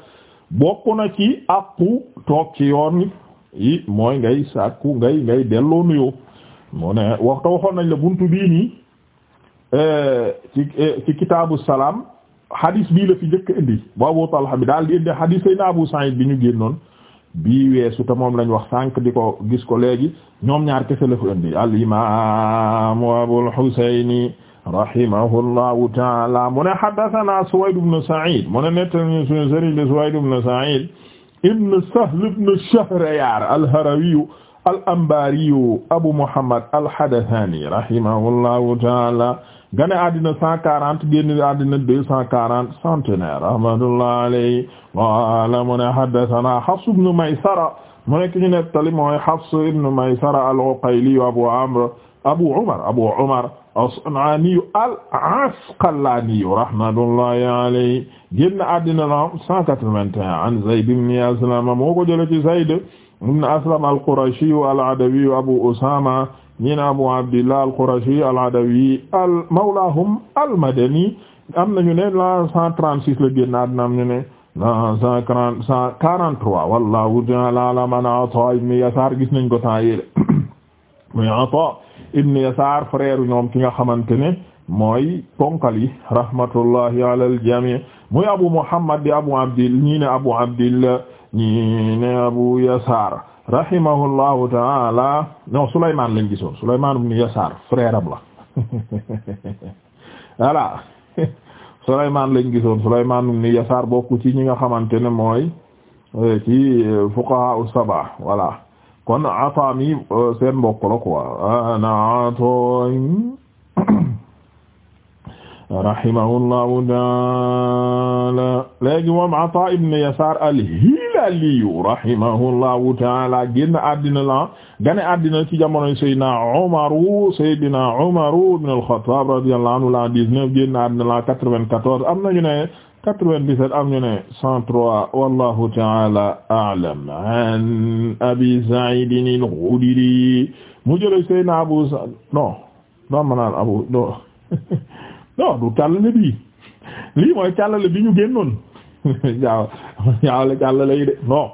bokk na ci àqu toog ci yoon yi mooy ngay sàkku ngay ngay delloo nuyoo mu ne waxta waxoon nañ la buntu bii nii euh, euh, ci kitaabu salaam hadis bii la fi njëkk indi bu Abu bi daal di indi hadis Abu Sa'id bi ñu génnoon bii weesu te moom lañu wax sànq di ko gis ko léegi ñoom ñaar kese la fa indi al imaamu Abul Husayni rahimahullahu taala mu ne haddathana Suwayd ibn Sa'id mu ne nettali sunu sëriñ Suwayd ibn Sa'id ibn al-Harawi al anbariyu abu muhammad al hadathani rahimahullahu taala gane addina cent quarante génn addina deux cent quarante centenaire rahmatullahi alayhi wala mu ne hadathana hafs ibn maysara mu nekk ñu nettali mooy hafs ibn maysara al uqayli abu amr abu umar abu umar as-San'aani al-Asqalaani rahmatullahi alayhi génn addina la cent quatre-vingt-un an Zayd ibn Aslama moo ko jële ci Zayd ibn Aslam al-Qurashi al-Adawi Abu Usama ñi na Abu Abdillah al-Qurashi al-Adawi al mawlahum al-Madani am nañu ne la 136 la génn àddina am ñu ne la 143 wallahu ta'ala a'lam an Ata ibn Yasar gis nañ ko temps yéle muy Ata ibn Yasar frère ñoom ki nga xamante ne mooy ponkal yi rahmatullahi ala al-jami' muy Abu Muhammad di Abu Abdillah ñi ne Abu Abdillah ñi ne Abu Yasar rahimahullahu taala non Sulaymaan lañ gisoon Sulaymaan ibn am la <laughs> voilà <laughs> Sulaymaan lañ gisoon Sulaymaan ibn bokku ci ñi nga xamante ne mooy eh, ci eh, fuqaha as-sab'a voilà kon Ataa mi eh, seen mbokk la quoi ana rahimahullahu taala léegi moom Ataa ibn Yasaar al-Hilaaliyu rahimahullahu taala génn àddina la gane àddina ci jamonoy Seydina Umaru Seydina Umaru ibn al-Xattaab radiyallahu anhu la 19 génn àddina la 94 am nañu ne 97 am nañu ne 103 wallahu taala a'lam an Abi Sa'iid al-Xudri mu jëlee Seydina Abu non non ma naan Abu non <laughs> non du càllale lii mooy càllale bi ñu génnoon jaaw jaawle càllale yi de non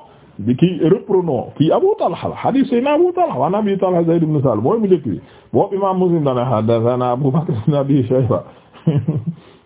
bi kii reprenons Abu Talha la hadith sayna Abu Talha wa Abi Talha Zayd ibn Sahl mooy mu njëkk bi boobu Muslim dana haddathana Abu Bakr ibn Abi Shayba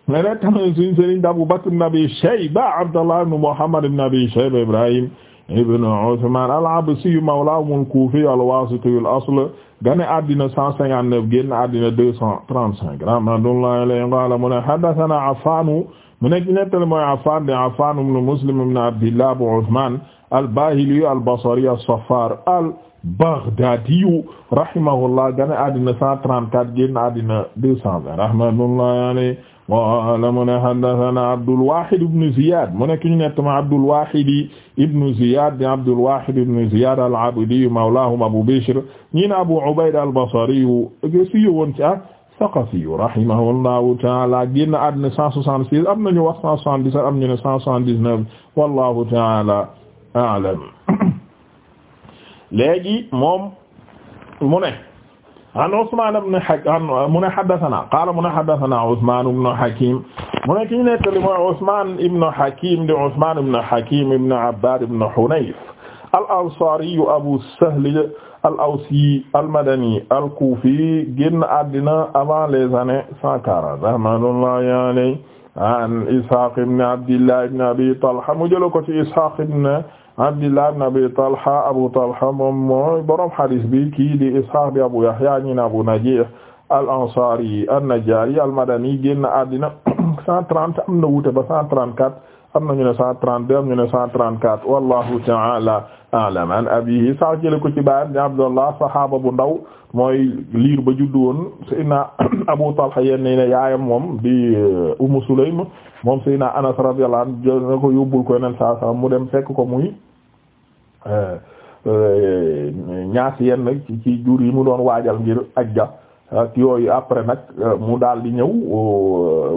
mais nag tamit suñu sëriñ Abu Bakr ibn Abi Shayba Abdullah ibn Muhammad ibn Abi Shayba Ibrahim ibnu Usmaan al-Absiyu mawlaahum al-Kuufiyu al-Waasitiyu al-asl gane addina 159 génn addina 235 rahmatullahi alayhi qaala mu ne haddasanaa Affaanu mu nekk nettali mooy Affaan de Affaan ibnu Muslim ibnu Abdillah Abu Usmaan al-Baahiliyu al-Basriyu as-Saffaar al-Baghdaadiyu rahimahullah gane addina 134 génn addina 220 rahmatullahi alayhi qaala mu ne haddathana Abdulwahid ibn Ziyad mu nekk ñu nett ma Abdulwahid ibn Ziyad di Abdulwahid ibn Ziyad al-Abdi mawlahum Abu Bishr ñi na Abu Ubayd al-Basri si woon ci ak ah, Saqafi rahimahullahu ta'ala génn àddina 166 am nañu wax 177 am ñu ne 179 wallahu ta'ala a'lam <coughs> léegi moom mu ne an Usmaan ibn Hakiim mu ne haddasanaa qaala mu ne haddasanaa Usmaan ibn Hakiim mu ne kii nettali mooy Usmaan ibn Hakiim di Usmaan ibn Hakiim ibn Abbaad ibn Hunayf al-Ansaari Abu Sahl al-Awsi al-Madani al-Kuufi génn àddina avant les années cent quarante rahmatullahi alayhi an Ishaaq ibn Abdillah ibn Abi Talha mu jël ko ci Ishaaq ibn Abdullah ibn Abi Talha Abu Talha moom mooy borom hadis bi kii di Ishaq bi Abu Yahya ñi na Abu Najih al-Ansari an-Najjari al-Madani génn àddina 130 <coughs> am na wuute ba 134 am na ñu ne 132 am ñu ne 134 wallahu ta'ala a'lam an abihi sax jële ko ci baayam ni Abdullah sahaaba bu ndaw mooy liir ba juddu woon Seydina <coughs> Abu Talha yenn ne yaayam moom di Umm Sulaym moom Seydina Anas radiyallahu anhu jël na ko yóbbul ko yeneen saa mu dem fekk ko muy euh, euh, ñaas yenn ci jur yi mu doon waajal ngir ajja ak yooyu après nag mu daal di ñëw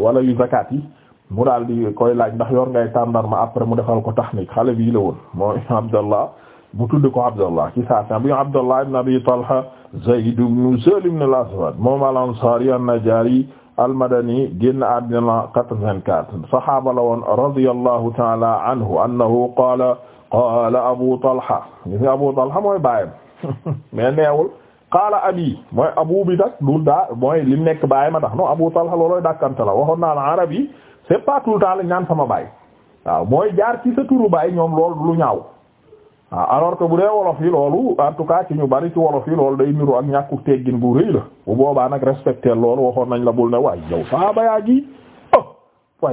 wala yu zakat yi mu daal di koy laaj ndax yor ngay tàndarma après mu defal ko tahnik xale bii la woon mooy <laughs> Abdallah mu tudd ko Abdallah ci saa saa bi Abdallah ibn Abi Talha Zayd ibn Salim ibn al-Aswad moom al-Ansari an-Najari al-Madani génn àddina la 84 saxaaba la woon radiyallahu ta'ala anhu annahu qaala qaala Abu Talha gis nga Abu Talha mooy baayam <laughs> mais neewul qaala abi mooy abu bi nag du daa mooy lim nekk baayam a tax non Abu Talha loolooy dàkkante la waxoon naa la c'est pas tout le ñaan sama baay waaw mooy jaar ci sa turu baay ñoom loolu lu ñaaw waaw alors que bu dee wolof yi loolu en tout cas ñu bari ci wolof yi loolu day niru ak ñàkku teggin bu rëy la bu boobaa nag respecté loolu waxoon nañ la bul ne waay yow saa bayaa gi oh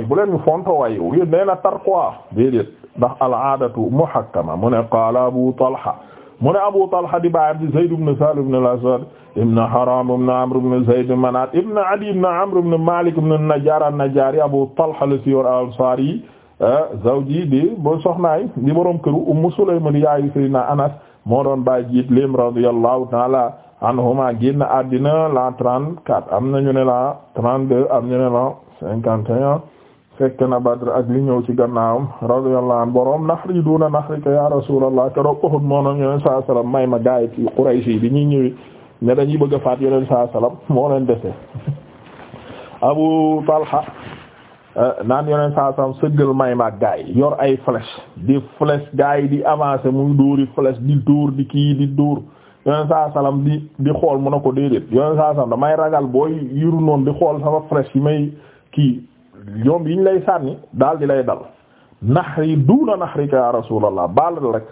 bu leen ñu fonto way yow yéen nee a tar quoi déedéet ndax al aadatu muhakkama mu ne qaala abu talha mu ne Abu Talha di baayam di Zayd ibn Sahl ibn al-Asad ibn Haram ibn Amr ibn Zayd Manat ibn Adi ibn Amr ibn Malik ibn an-Najjar an Abu Talha la siyor al ah, zawji di ba di borom këru Ummu Sulaym di yaayu Anas moo doon bàyyi jiit lim radiyallahu ta'ala anhuma génn àddina la 34 am nañu ne la 32 am nañu la fekk na Badr ak li ñëw ci gannaawam radiyallahu anhu borom nahri duna nahrika ya rasulallah keroog Uhud moo noon saa salaam may ma gaay ci Quraysh yi bi ñuy ñëwee ne dañuy bëgg a faat yeneen saa salaam moo leen dese <laughs> Abu Talha eh, naan sëggal may ma gaay yor ay flèche di flèche gaay di avance muy dóori flèche di dóor di kii di dóor yeneen saa salaam di di xool mu ne ko déedéet yeneen saa salaam damay ragal booy yiru noonu di xool sama flèche yi may kii ñoom yiñ lay sànni daal di lay dal naxri duuna naxrika ya rasulallah baalal rek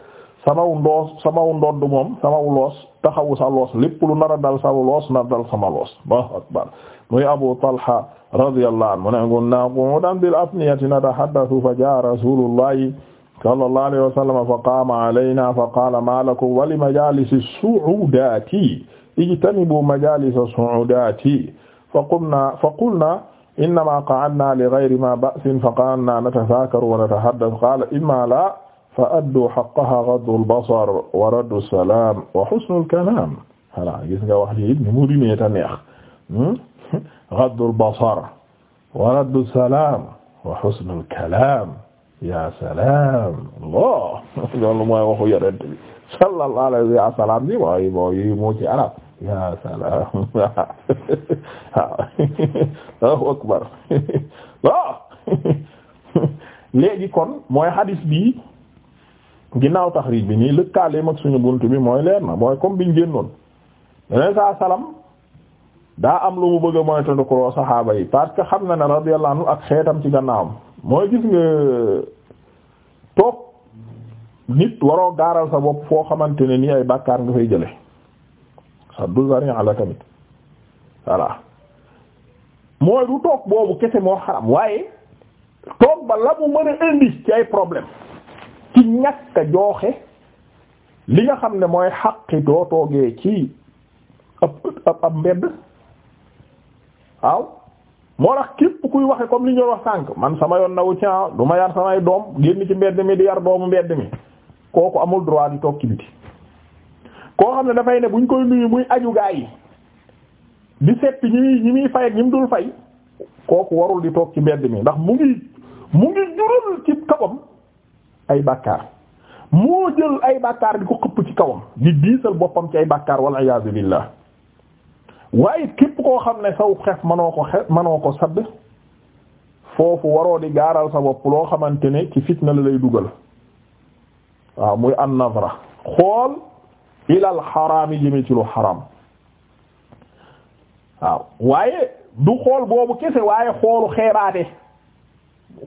samaw ndoos samaw ndodd moom samaw loos taxawu sa loos lépp lu nar a dal sa loos nar dal sama loos Allahu akbar muy Abu Talha radiyallahu anhu mu ne kunna qu'udan bil afniyati natahaddathu fa jaa rasulullahi sallallahu alayhi wa sallam fa qaama alayna fa qaala ma lakum wa li majalisi su'udati ijtanibu majalisa su'udati fa qumna fa qulna innama qa'adna li ghayri ma ba'sin fa qa'adna natadhakaru wa natahaddath qala imma la fa addu haqqaha ghaddu al-basar wa raddu as-salam wa husnu al-kalam voilà gis nga wax ji ni mu rimee ta neex hmm? <laughs> ghaddu al-basar wa raddu as-salam wa husnu al-kalam ya salam Allah <laughs> loolu mooy waxu yonent bi sallallahu alayhi wa sallam bi waaye mooy moo ci arab ya salaam waaw akbar waaw léegi kon mooy hadis bii ginnaaw tax taxrij bi nii lëkkaaleem mag suñu bunt bi mooy leer na mooy comme biñ génnoon yeneen saa salam daa am lu mu bëgg a moytandu saxaaba yi parce que xam na ne radiyallahu anhu ak xeetam ci gannaawam mooy gis nga toog nit waroo gaaral sa bopp foo xamante ne nii ay bàkkaar nga fay jële saddu zari'a la tamit voilà mooy du toog boobu kese moo xaram waaye toog ba la mu mën a indi ci ay problème ci ñàkk jooxe li nga xam ne mooy xaqi toogee ci ab ab ab mbedd waaw moo tax képp kuy waxe comme li ñu wax sànq man sama yoon nawu ci ah, du ma yar samay doom génn ci mbedd mi di yar doomu mbedd mi kooku amul droit di toog ci biti koo xam ne dafay ne ñu koy nuyu muy aju gaa yi di seppi ñi muy ñi muy fay ak ñi mu dul fay kooku warul di toog ci mbedd mi ndax mu ngi mu ngi jural ci kawam ay bàkkaar moo jël ay bàkkaar di ko xëpp ci kawam di diisal boppam ci ay bàkkaar walla iyaazu billaah waaye képp koo xam ne saw xef manoo ko xef manoo ko sadd foofu waroo di gaaral sa bopp loo xamante ne ci fitna la lay dugal waaw muy an nazra xool ilal xaraami jëmee ci lu xaram waaw waaye du xool boobu kese waaye xoolu xeebaate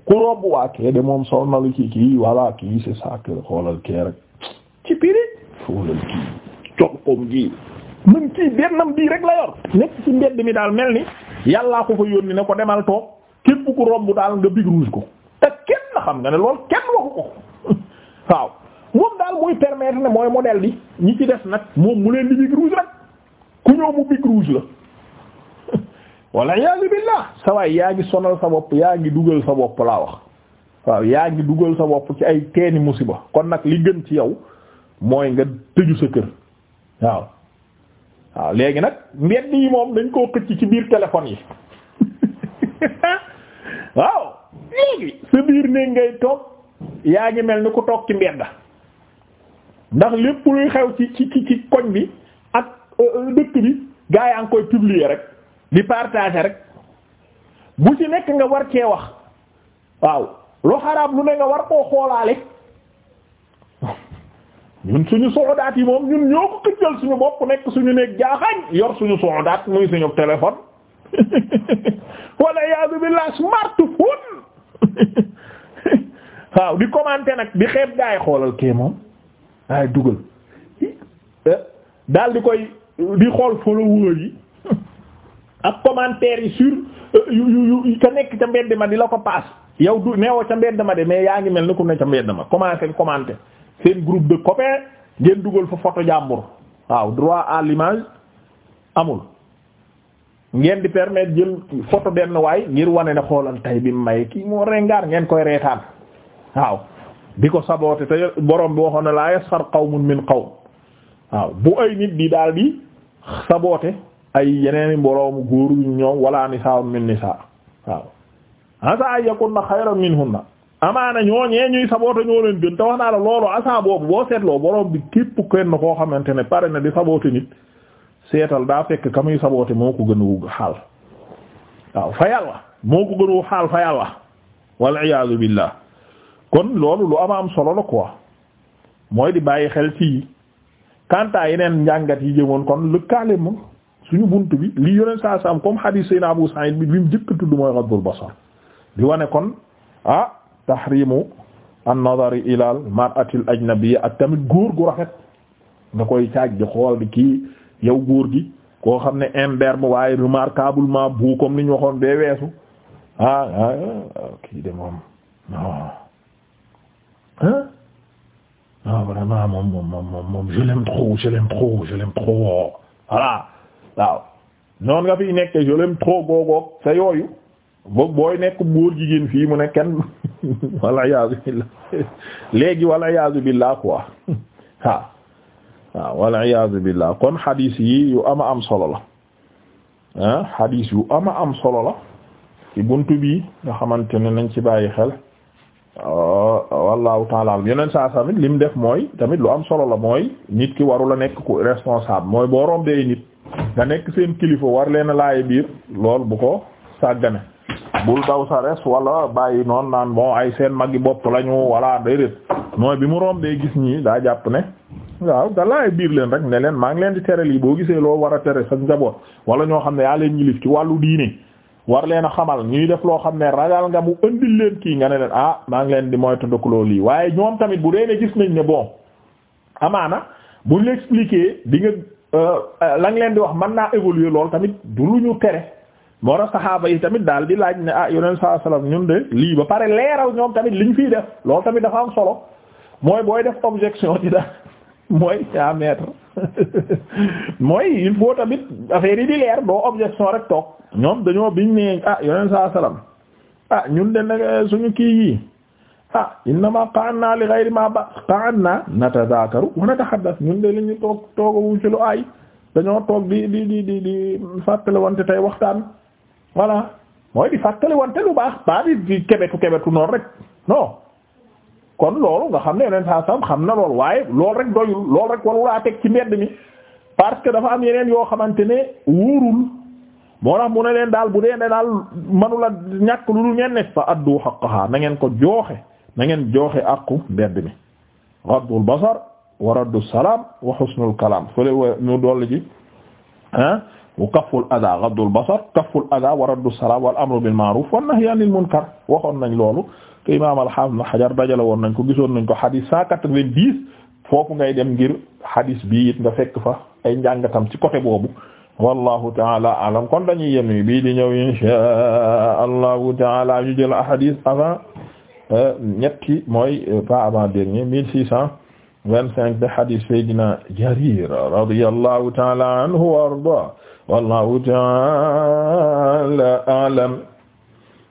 ku romb waa kee de moom sol na lu ci kii voilà kii c'est ça que xoolal kee rek ci piri xoolal kii coxom ji mën kii bennam bii rek la yor nekk ci mbedd mi daal mel ni yàllaa ko fa yónni ne ko demal toog képp ku romb daal nga big rouge ko te kenn xam nga ne lool kenn waxu ko <laughs> waaw muy permettre ne mooy modèle bi ñi ci des nag moom mu leen di big rouge rek ku ñëw mu big rouge la <laughs> walla iyaazu billaah sa yaa ngi sonal sa bopp yaa ngi dugal sa bopp laa wax waaw yaa ngi dugal sa bopp ci ay teeni musiba kon nag li gën ci yow mooy nga tëju sa kër waaw waaw léegi nag mbedd yi moom dañ koo xëcc ci biir téléphone yi <laughs> waaw léegi sa biir néeg ngay toog yaa ngi mel ni ku toog ci mbedd ndax lépp luy xew ci ci ci koñ bi ak euh, euh, dëkk bi gaa yaa ngi koy publier rek di partager rek bu ci nekk nga war cee wax waaw lu xaraab lu ne nga war koo xoolaale <laughs> ñun suñu soxodaat yi moom ñun ñoo ko këjjal suñu bopp nekk suñu nekk jaaxañ yor suñu soxodaat muy suñu téléphone <laughs> wala iyaazu billaah smartphone <laughs> waaw di commenter nag di xeeb gaa yi xoolal kee moom dugal eh, daal di koy di xool followers yi <laughs> ak commentaires yi sur eh, yu yu yu ka nekk ca mbedd ma di la ko paas yow du neewoo ca mbedd ma de mais yaa ngi mel ni ku ne ca mbedd ma commencé commenté seen groupe de copains ngeen dugal fa photo jàmbur waaw droit à l'image amul ngeen di permettre jël photo benn waay ngir wane ne xoolal tay bi may kii moo rengaar ngeen koy reetaan waaw di ko saboote te borom bi waxoon ne laa yasxar qawmun min qawm waaw bu ay nit di daal di saboote ay yeneen boroomu góor yu ñoom wala nisaa min nisaa waaw asa ay yakunna xayran minhunna amaana ñooñee ñuy saboote ñoo leen gën te wax naa la loolu asa boobu boo seetloo borom bi képp kenn koo xamante ne pare na di saboote nit seetal daa fekk ka saboote moo ko gën wu xaal waaw fa yàlla moo ko gën wu xaal fa yàlla wal iyaazu billah kon loolu lu ama am solo la quoi mooy di bàyyi xel ci kantaa yeneen njàngat yi jëmoon kon lëkkaale moom suñu bunt bi li yoneen saa saam comme hadith sayna Abu Sa'id bi bi mu jëkk tudd mooy ghadul basar di wane kon ah tahrimu an-nazari ilal mar'atil ajnabiyya ak tamit góor gu rafet nga koy caaj di xool di kii yow góor gi koo xam ne imberbe waaye remarquablement bu comme ni waxoon bee weesu ah ah, ah kii de moom ah vraiment moom moom moom moom je l'aime trop je l'aime trop je l'aime trop voilà waaw noon nga fiy nekk je l'aime trop googoog sa yooyu boog booy nekk góor jigéen fii mu ne kenn <laughs> wala yaazu billah léegi wala yaazu billah quoi waaw <laughs> waaw wala yaazu kon hadith yi yu ama am solo la ah hadith yu ama am solo la ci buntu bi nga xamante ne nañ ci bàyyi xel Oh, wallahu taala yeneen saa tamit li mu def mooy tamit lu am solo la mooy nit ki warul a nekk ku responsable mooy boo rombee nit nga nekk seen kilifa war leen a laaye biir lool bu ko sàggane bul daw sa res wala bàyyi noonu naan bon ay seen magi bopp lañu wala déedéet mooy bi mu rombee gis ñii daa jàpp ne waaw da laaye biir leen rek ne leen maa ngi leen di tere lii boo gisee loo war a tere sa njaboot wala ñoo xam ne yaa leen ñilif ci wàllu diine war leen a xamal ñuy def loo xam ne ragal nga mu andil leen kii nga ne leen ah maa ngi leen di moytandikuloo lii waaye ñoom tamit bu dee ne gis nañ ne bon amaana bu la expliquer di nga euh, la nga leen di wax man naa évoluer lool tamit du lu ñu tere moo tax saxaaba yi tamit daal di laaj ne ah yoneen saa salaam ñun de lii ba pare leeral ñoom tamit li ñu fiy def loolu tamit dafa am solo mooy booy def objection ci daal. mooy ca maître mooy il faut tamit affaire yi di leer doo objection rek toog ñoom dañoo biñ ne ah yoneen saa salaam ah ñun de nag eh, suñu kii yi ah innama qa'anna li ghayri ma ba qa'anna natadhakaru wa natahaddath ñun de li ñu toog toogawuñ ci lu ay dañoo toog di di di di di fàttali wante tey waxtaan wala mooy di fàttali wante lu baax baa di di kebetu kebetu noonu rek non kon loolu nga xam ne yeneen saa sam xam na loolu waaye loolu rek doyul loolu rek warulaa teg ci mbedd mi parce que dafa am yeneen yoo xamante ne wóorul moo na mu ne leen daal bu dee ne daal manula ñàkk lu dul ngeen ne fa addu haqqaha na ngeen ko jooxe na ngeen jooxe àqu mbedd mi raddul basar wa raddu salaam wa husnul kalaam fële ñu dolli ji ah wa kafful adaa raddul basar kafful adaa wa raddu salaam wal amru bil ma'ruf wan nahyi anil munkar waxoon nañ loolu te imaam al-Hafiz Ibn Hajar dajale woon nañ ko gisoon nañ ko hadis cent quatre-vingt-dix foofu ngay dem ngir hadis bi it nga fekk fa ay njàngatam ci côté boobu wallahu taala alam kon dañuy yem ni bii di ñëw inshaa allahu taala ñu jël hadis avant euh, ñetti mooy euh, pas avant dernier mille six cent vingt-cinq de hadis Seydina Jarir radiyallahu taala anhu wa arda wallahu taala alam